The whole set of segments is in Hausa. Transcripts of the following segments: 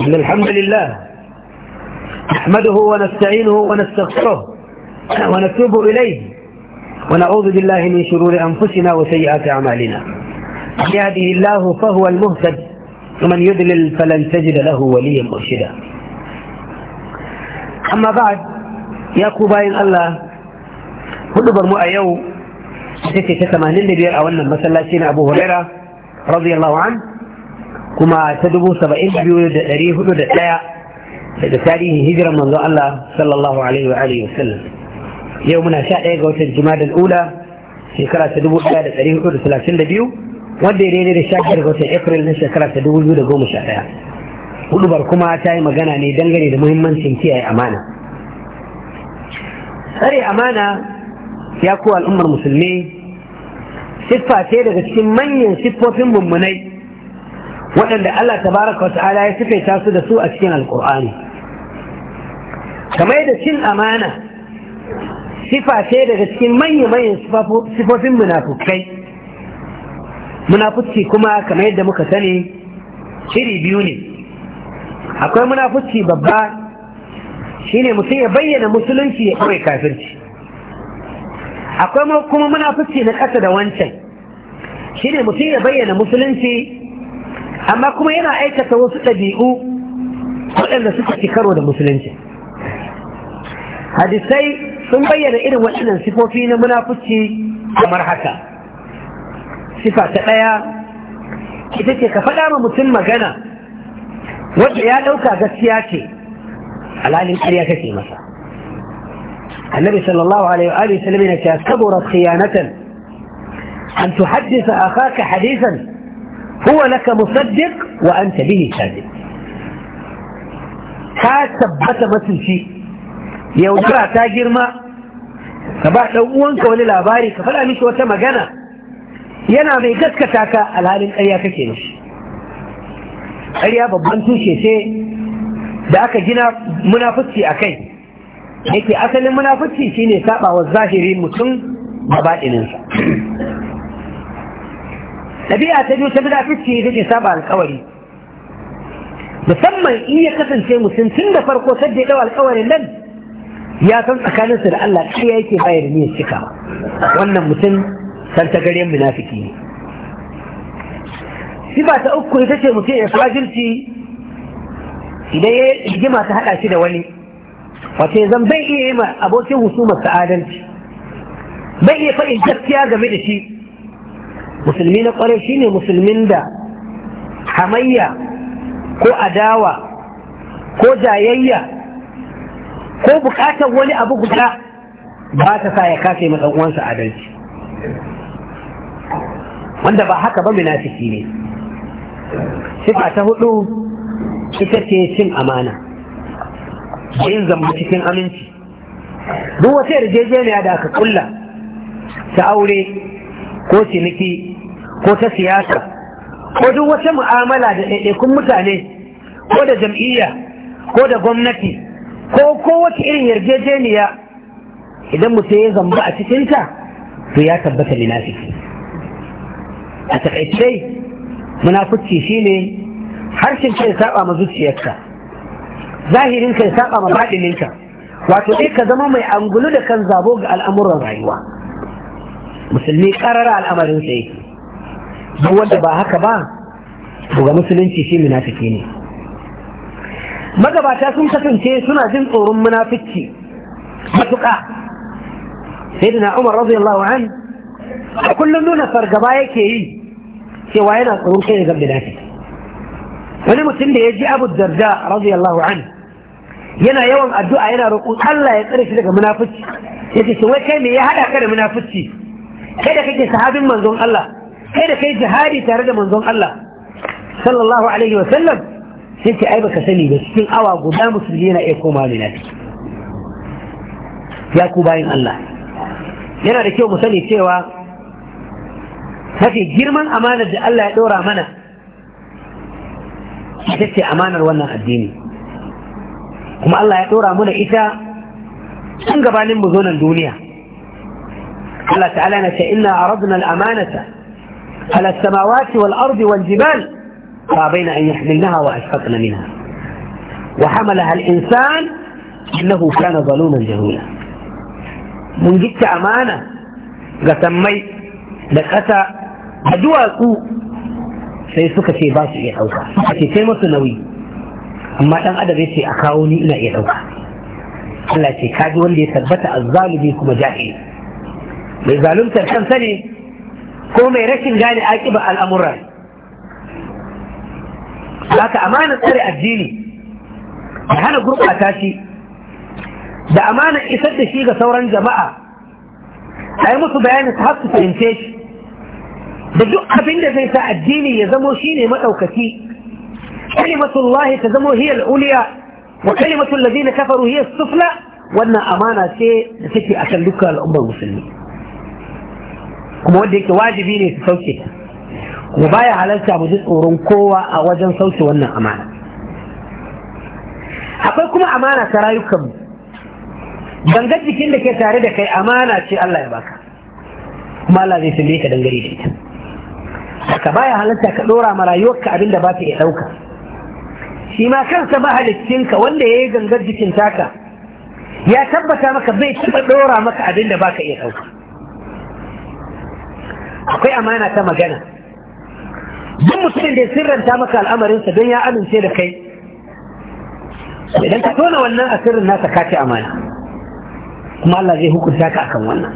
إن الحمد لله نحمده ونستعينه ونستغفره ونتوب إليه ونعوذ بالله من شرور أنفسنا وسيئات أعمالنا من يهده الله فهو المهتد ومن يدلل فلن تجد له وليا مرشدا أما بعد يا كوباين الله كل برمو أيو ستة ثمانين لبير ta 85 a wannan masallaci na Abu Huraira kuma ta dubu saba'in da biyu da ɗari hudu da ɗaya daga tarihin hijirar manzo Allah sallallahu alaihi wa alihi wasallam yau muna sha ɗaya ga watan jima'a ula shekara ta dubu ɗaya da ɗari hudu da talatin da biyu wanda ya daidai da sha biyar ga watan april na shekara ta dubu biyu da goma sha ɗaya hudubar kuma ta yi magana ne dangane da muhimmancin kiyaye amana tsare amana ya kuwa al'ummar musulmi siffa ce daga cikin manyan siffofin mummunai waɗanda Allah tabaraka wa ta'ala ya sifaita su da su a cikin alƙur'ani kamar da cin amana sifa ce daga cikin manya-manyan sifofin munafukai munafuci kuma kamar yadda muka sani shiri biyu ne akwai munafuci babba shine mutum ya bayyana musulunci ya kawai kafirci akwai kuma munafuci na ƙasa da wancan shine mutum ya bayyana musulunci amma kuma yana aikata wasu ɗabi'u waɗanda suka ci karo da musulunci hadisai sun bayyana irin waɗannan sifofi na munafuci kamar haka sifa ta ɗaya ita ce ka faɗa ma mutum magana wadda ya ɗauka gaskiya ce alhalin ƙarya kake masa annabi sallallahu alaihi wa alihi sallam yana cewa saboda khiyanatan an tuhaddisa akhaka hadisan هو لك مصدق وأنت به كاذب ka tabbata matsinci yaudara ta girma ka ba ɗan uwanka wani labari ka faɗa miki wata magana yana mai gaskata ka alhalin ƙarya kake da ƙarya babban tushe ce da aka gina munafuci a kai yake asalin munafuci shine saɓawa zahiri mutum da baɗininsa ɗabi'a ta biyu ta munafici ita ce saba alkawari musamman in ya kasance mutum tun da farko sadda ya ɗau alkawarin nan ya san tsakaninsa da Allah ya yake bayar niyyar cika wannan mutum san ta gare munafiki ne sifa ta uku ita ce mutum ya fajirci idan ya rigima ta haɗa shi da wani wace zan bai iya yi ma abokin husumarsa adalci bai iya faɗin gaskiya game da shi musulmi na kwarai shine musulmin da hamayya ko adawa ko jayayya ko bukatar wani abu guda ba ta sa ya kafe uwansa adalci wanda ba haka ba munafiki ne sifa ta hudu ita ce cin amana yin zamba cikin aminci duk wata yarjejeniya da aka kulla ta aure ko ciniki ko ta siyasa ko duk wata mu'amala da ɗaiɗaikun mutane ko da jam'iyya ko da gwamnati ko kowace irin yarjejeniya idan mutum ya zamba a cikinta to ya tabbata munafiki a takaice munafici shine harshen kai saba ma zuciyarka zahirin kai saba ma baɗininka wato dai ka zama mai angulu da kan zabo ga al'amuran rayuwa musulmi karara al'amarin sai duk wanda ba haka ba to ga musulunci shi munafiki ne magabata sun kasance suna jin tsoron munafici matuƙa sai da umar radiyallahu an a kullum nuna fargaba yake yi cewa yana tsoron kai ga munafiki wani mutum da ya ji abu darda radiyallahu an yana yawan addu'a yana roƙon Allah ya tsare shi daga munafici yace shi wai kai me ya haɗa ka da munafici kai da kake sahabin manzon Allah kai da kai jihadi tare da manzon Allah sallallahu alaihi wa sallam sai ce ai baka sani ba cikin awa guda musulmi yana iya koma mina ya ku bayin Allah yana da kyau mu sani cewa mafi girman amanar da Allah ya ɗora mana ita ce amanar wannan addini kuma Allah ya ɗora mana ita tun gabanin mu zo nan duniya Allah ta'ala na ce ina aradna al-amanata على السماوات والأرض والجبال فابين أن يحملنها وأشفقن منها وحملها الإنسان إنه كان ظلوما جهولا من جدت أمانة قتمي لكتا هدوى أكو سيسوك في باشي يحوكا إيه سيسوك شيء مصنوي أما أن أدى بيسي أخاوني إلا يحوكا إيه الله شيء كاجوا لي ثبت الظالمين كما جاهل بظالم تركم سنه ko mai rashin gane aƙiba al'amuran haka amanar tsare addini da hana gurɓata shi da amanar isar da shi ga sauran jama'a a yi musu bayanin su haku fahimce shi da duk abin da zai sa addini ya zamo shi ne maɗaukaki kalimatullahi ta zamo hiyar uliya wa kalimatul lazina kafaru hiyar sufla wannan amana ce da take akan dukkan al'ummar musulmi kuma wanda yake wajibi ne su sauke kuma baya halarta mu ji tsoron kowa a wajen sauke wannan amana akwai kuma amana ta rayukanmu gangar jikin da ke tare da kai amana ce Allah ya baka kuma Allah zai tambaye ka dangare da ita haka baya halarta ka dora ma rayuwarka abinda ba ta iya dauka shi ma kansa mahalicinka wanda ya yi gangar jikin taka ya tabbata maka bai taɓa ɗora maka abinda ba ka iya ɗauka akwai amana ta magana duk mutumin da ya sirranta maka al'amarinsa don ya amince da kai idan ka tona wannan asirin nasa ka ci amana kuma Allah zai hukunta ka akan wannan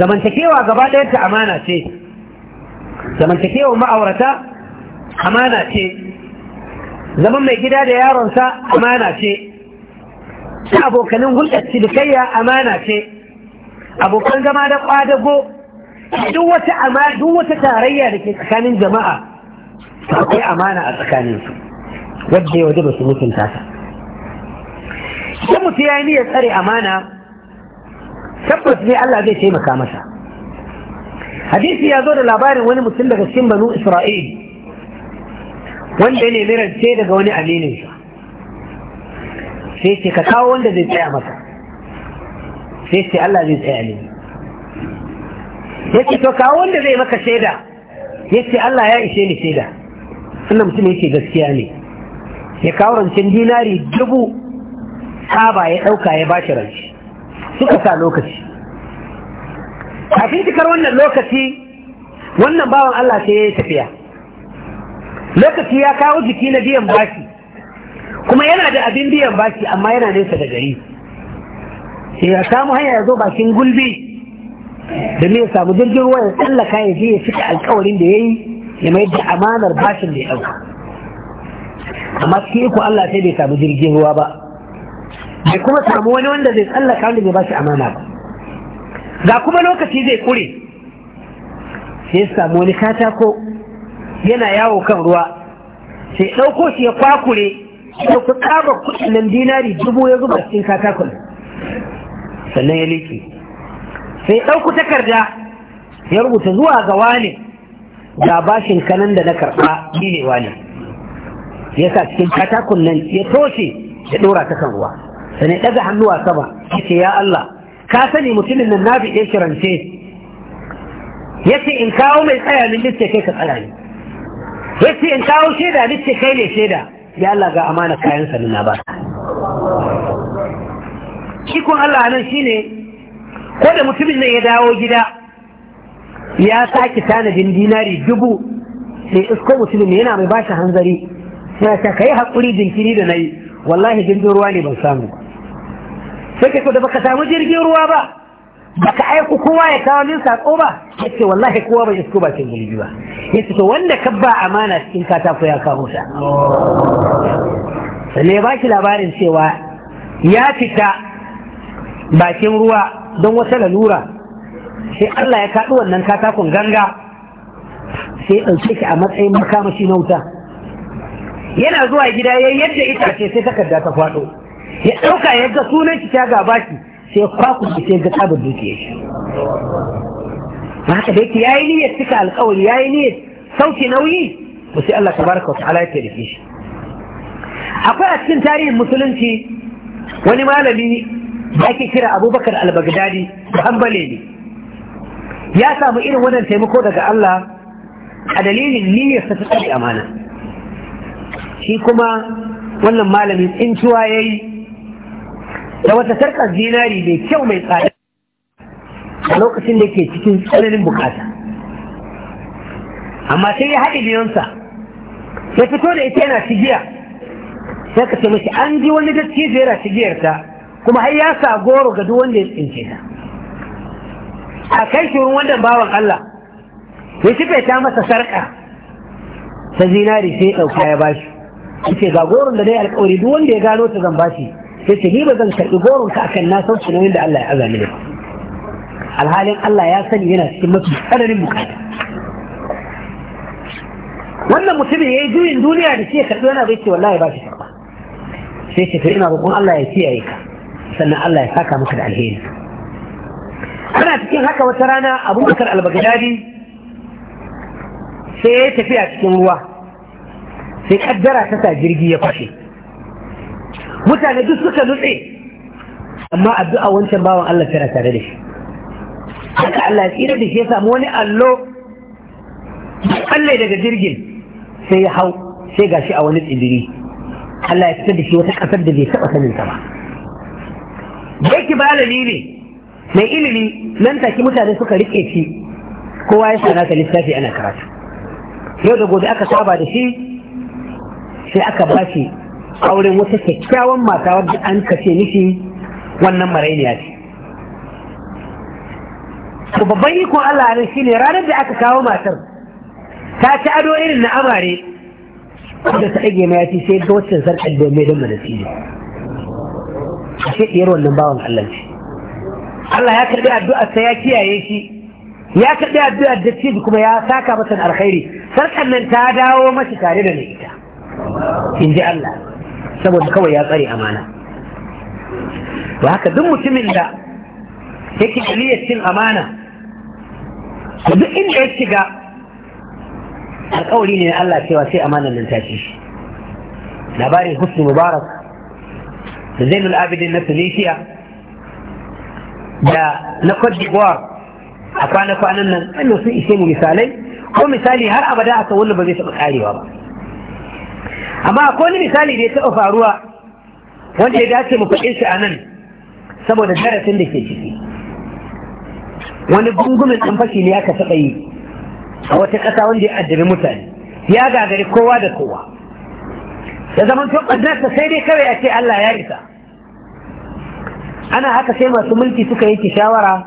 zamantakewa gaba ɗaya ta amana ce zamantakewa ma'aurata amana ce zaman mai gida da yaronsa amana ce abokanin hulɗar cinikayya amana ce abokan zama da ƙwadago duk wata amana duk wata tarayya da ke tsakanin jama'a akwai amana a tsakanin su wadda ya ba su mutunta ta sai mutum ya yi niyyar tsare amana tabbas ne Allah zai taimaka masa hadisi ya zo da labarin wani mutum daga cikin banu Isra'il wanda ne mirance daga wani amininsa sai ce ka kawo wanda zai tsaya masa sai ce Allah zai tsaya ne yake to kawo wanda zai maka shaida yace Allah ya ishe ni shaida sannan mutum yake gaskiya ne ya kawo rancen dinari dubu saba ya ɗauka ya bashi ranci suka sa lokaci kafin cikar wannan lokaci wannan bawan Allah sai ya yi tafiya lokaci ya kawo jiki na biyan bashi kuma yana da abin biyan bashi amma yana nesa da gari sai ya samu hanya ya zo bakin gulbi domin ya samu jirgin ruwa ya tsallaka ya je ya cika alkawarin da ya yi ya mai da amanar bashin da ya ɗauka amma su iko Allah sai bai samu jirgin ruwa ba bai kuma samu wani wanda zai tsallaka wanda bai bashi amana ba ga kuma lokaci zai kure sai ya samu wani katako yana yawo kan ruwa sai ɗauko shi ya kwakure ya fi tsaba kuɗin dinari dubu ya zuba cikin katakon sannan ya leke sai ɗauku takarda ya rubuta zuwa ga wane ga bashin kanan da na karɓa ni ne wane ya sa cikin katakun nan ya toshe ya ɗora ta kan ruwa Sani ɗaga hannuwa sama ya ce ya Allah ka sani mutumin nan na ɗaya shirance ya ce in kawo mai tsaya min liste kai ka tsaya ne ya ce in kawo shaida liste kai ne shaida ya Allah ga amana kayan sannan na ba ikon Allah nan shine ko da mutumin nan ya dawo gida ya sake tanadin dinari dubu sai isko mutumin ne yana mai bashi hanzari sai ka kai hakuri jinkiri da nayi wallahi jirgin ruwa ne ban samu sai ka da baka samu jirgin ruwa ba baka aiku kowa ya kawo min sako ba yace wallahi kowa bai isko ba cikin jirgi ba yace to wanda ka ba amana cikin katako ya kawo ta sai ya baki labarin cewa ya fita bakin ruwa don wata lalura sai Allah ya kaɗi wannan katakon ganga sai ɗauke ki a matsayin makamashi na wuta yana zuwa gida ya yadda ita ce sai takarda ta faɗo ya ɗauka ya ga sunan shi ta ba shi sai kwakun da sai ga tsabar dukiya shi haka da yake yayi niyyar cika alƙawari yayi niyyar sauki nauyi ba sai Allah tabaraka wa ta'ala ya tarike shi akwai a cikin tarihin musulunci wani malami da ake kira abubakar al-baghdadi hambale ne ya samu irin wannan taimako daga Allah a dalilin niyyarsa ta tsari amana shi kuma wannan malamin in ya yayi da wata sarkar zinari mai kyau mai tsada a lokacin da ke cikin tsananin bukata amma sai ya haɗe biyonsa ya fito da ita yana cigiya sai ka ce mashi an ji wani dattijo yana cigiyarta kuma har ya sa goro ga duk wanda ya tsince ta a kai shi wannan bawan Allah ya kife ta masa sarƙa ta zinari sai ya ɗauka ya bashi ce ga goron da dai alƙawari duk wanda ya gano ta zan bashi sai ce ni ba zan karɓi goron ka akan na sauki nauyin da Allah ya azami da alhalin Allah ya sani yana cikin mafi tsananin bukata wannan mutumin ya yi juyin duniya da shi ya karɓi wani bai ce wallahi ba shi karɓa sai ce to ina roƙon Allah ya kiyaye ka sannan Allah ya saka maka da alheri ana cikin haka wata rana abubakar albagadadi sai ya tafi a cikin ruwa sai kaddara ta sa jirgi ya fashe mutane duk suka nutse amma addu'a wancan bawan Allah tana tare da shi haka Allah ya tsira da shi ya samu wani allo Allah daga jirgin sai ya hau sai gashi a wani tsibiri Allah ya fitar da shi wata kasar da bai taɓa sanin ta ba da yake malami ne mai ilimi nan take mutane suka rike shi kowa ya sana ka lissafi ana karatu yau da gobe aka saba da shi sai aka ba shi auren wata kyakkyawan mata wadda an kace nishi wannan maraini ya ce to babban ikon Allah ne shine ranar da aka kawo matar ta ci ado irin na amare da ta ɗage mayafi sai ga wacce zarkar domin don ne. ashe diyar wannan bawan Allah ce Allah ya karbi addu'ar sa ya kiyaye shi ya karbi addu'ar da ce kuma ya saka masa alkhairi Sarkar nan ta dawo mashi tare da mai ita in ji Allah saboda kawai ya tsare amana to haka duk mutumin da yake aliyar cin amana da duk inda ya shiga alkawari ne na Allah cewa sai amanan nan ta ci shi labarin husni mubarak da zainul abidin na tunisia da na cote d'ivoire a kwana nan wanda sun ishe mu misalai ko misali har abada a wani ba zai taɓa karewa ba amma akwai wani misali da ya taɓa faruwa wanda ya dace mu faɗin shi a nan saboda darasin da ke ciki wani gungumin ɗan fashi ne aka taɓa yi a wata ƙasa wanda ya addabi mutane ya gagari kowa da kowa ya zama to ɓannarsa sai dai kawai a ce Allah ya isa ana haka sai masu mulki suka yi shawara